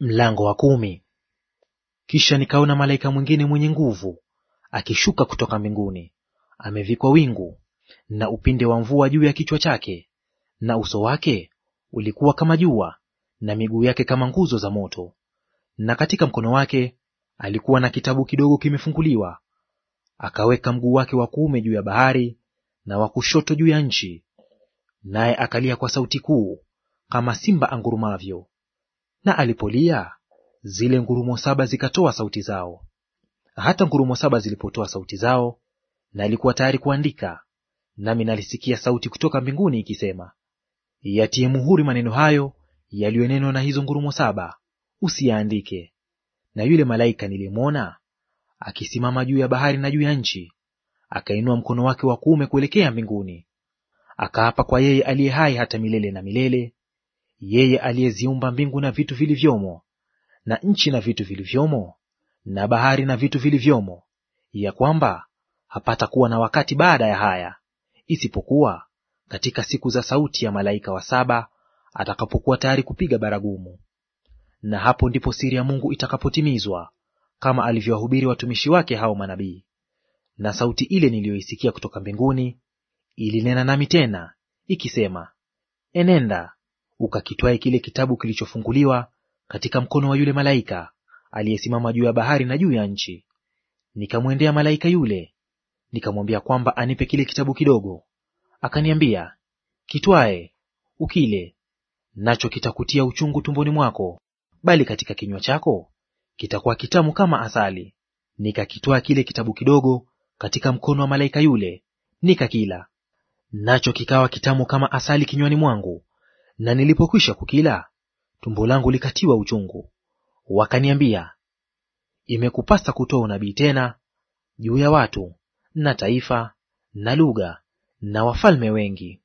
Mlango wa kumi. Kisha nikaona malaika mwingine mwenye nguvu akishuka kutoka mbinguni, amevikwa wingu na upinde wa mvua juu ya kichwa chake, na uso wake ulikuwa kama jua, na miguu yake kama nguzo za moto. Na katika mkono wake alikuwa na kitabu kidogo kimefunguliwa. Akaweka mguu wake wa kuume juu ya bahari, na wa kushoto juu ya nchi, naye akalia kwa sauti kuu, kama simba angurumavyo. Na alipolia zile ngurumo saba zikatoa sauti zao. Hata ngurumo saba zilipotoa sauti zao, na alikuwa tayari kuandika, nami nalisikia sauti kutoka mbinguni ikisema, yatie muhuri maneno hayo yaliyonenwa na hizo ngurumo saba, usiyaandike. Na yule malaika nilimwona akisimama juu ya bahari na juu ya nchi, akainua mkono wake wa kuume kuelekea mbinguni, akaapa kwa yeye aliye hai hata milele na milele, yeye aliyeziumba mbingu na vitu vilivyomo, na nchi na vitu vilivyomo, na bahari na vitu vilivyomo, ya kwamba hapata kuwa na wakati baada ya haya, isipokuwa katika siku za sauti ya malaika wa saba atakapokuwa tayari kupiga baragumu. Na hapo ndipo siri ya Mungu itakapotimizwa kama alivyowahubiri watumishi wake hao manabii. Na sauti ile niliyoisikia kutoka mbinguni ilinena nami tena ikisema, enenda ukakitwae kile kitabu kilichofunguliwa katika mkono wa yule malaika aliyesimama juu ya bahari na juu ya nchi. Nikamwendea malaika yule, nikamwambia kwamba anipe kile kitabu kidogo. Akaniambia, kitwae ukile, nacho kitakutia uchungu tumboni mwako, bali katika kinywa chako kitakuwa kitamu kama asali. Nikakitwaa kile kitabu kidogo katika mkono wa malaika yule, nikakila, nacho kikawa kitamu kama asali kinywani mwangu, na nilipokwisha kukila, tumbo langu likatiwa uchungu. Wakaniambia, imekupasa kutoa unabii tena juu ya watu na taifa na lugha na wafalme wengi.